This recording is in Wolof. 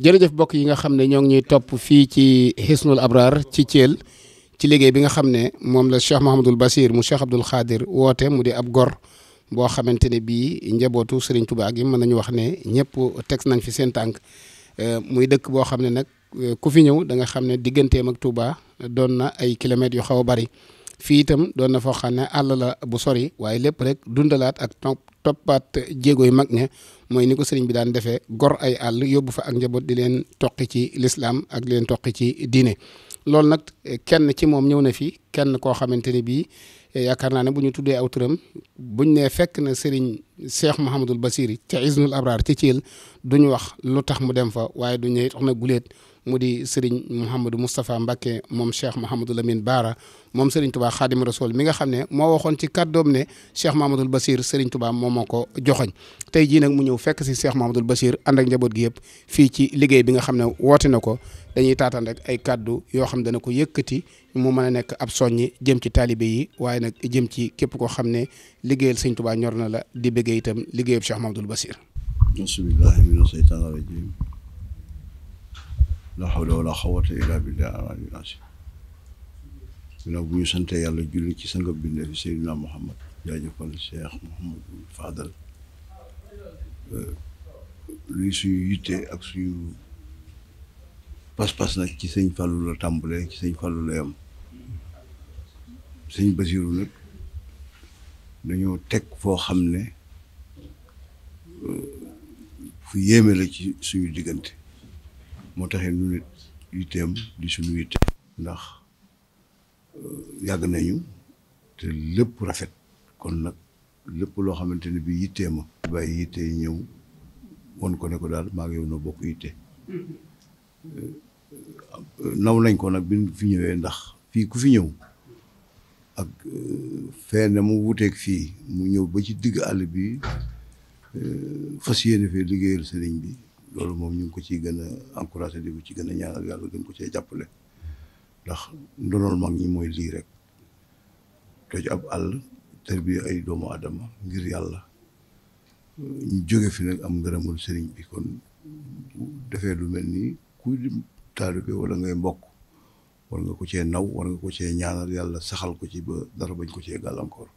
jërëjëf bokk yi nga xam ne ñoo ngi ñuy topp fii ci Hisnul Abrar ci Thiel ci liggéey bi nga xam ne moom la Cheikh Mahamadul Basir mu Cheikh Abdoul Khadir woote mu di ab gor boo xamante ne bii njabootu Serigne Touba gi mën nañu wax ne ñëpp teg nañ fi seen tànk euh, muy dëkk boo xam ne nag euh, ku fi ñëw da nga xam ne digganteem ak Touba doon na ay kilomètres yu xaw a bari. fii itam doon na foo xam ne àll bu sori waaye lépp rek dundalaat ak toppaat jéego yu mag ña mooy ni ko sëriñ bi daan defee gor ay àll yóbbu fa ak njaboot di leen toqi ci lislaam ak leen toqi ci diine loolu nag kenn ci moom ñëw na fi kenn koo xamante ni bii yaakaar naa ne bu ñu tuddee aw turam buñ ne fekk na sëriñ Cheikh Mouhamadul Basiri ca Isnul Abrar ci Thiel duñu wax lu tax mu dem fa waaye du ñëw wax na guléet mu di Serigne Mouhamadou Moustapha Mbacke moom Cheikh Mouhamadou Lamine Baara moom Serigne Touba Khadim sol mi nga xam ne moo waxoon ci kàddoom ne Cheikh Mahamadoul Bassir Serigne tubaa moom moo ko joxoñ tey jii nag mu ñëw fekk si Cheikh Mahamadoul Bassir ànd ak njaboot gi yëpp fii ci liggéey bi nga xam ne woote na ko dañuy taataan rek ay kàddu yoo xam dana ko yëkkati mu mën a nekk ab soññi jëm ci taalibe yi waaye nag jëm ci képp koo xam ne liggéeyal Serigne Touba ñor na la di bëggee itam liggéeyub Cheikh Mahamadoul Bassir bismillahi mina sheytaan irajim la hawla wala xawata illa billah alil azim ginnaaw bu ñu sante yàlla julli ci sanga binde fi seydina muhammad jaajëfal cheikh muhammadul fadal euh, luy suñu yitte ak suñu pas-pas nag ci sëñ fàllu la tàmbalee ci sëñ fàllu la yam sëñ basiru nag dañoo teg foo xam ne euh, fu yéeme la ci suñu diggante moo taxee nu nit yitteem di suñu yitte ndax euh, yàgg nañu te lépp rafet kon nag lépp loo xamante ni bi yittee ma bàyyi yitte ñëw won ko ne daal maa ngi yow bokk yitte euh, naw nañ ko nag bi fi ñëwee ndax fii ku fi ñëw ak euh, fee na mu wuteeg fii mu ñëw ba ci digg àll bi Euh, fas yéene fee liggéeyal sëriñ bi loolu moom ñu ngi ko ci gën a encouragé di bu ci gën a ñaanal yàlla gën ko cee jàppale ndax ndonool mag ñi mooy lii rek toj ab àll tarbiya ay doomu adama ngir yàlla ñu jóge fi nag am ngërëmul sëriñ bi kon defee lu mel nii kuy taalibe wala ngay mbokk war nga ko cee naw war nga ko cee ñaanal yàlla saxal ko ci ba dara bañ ko cee gàllankoor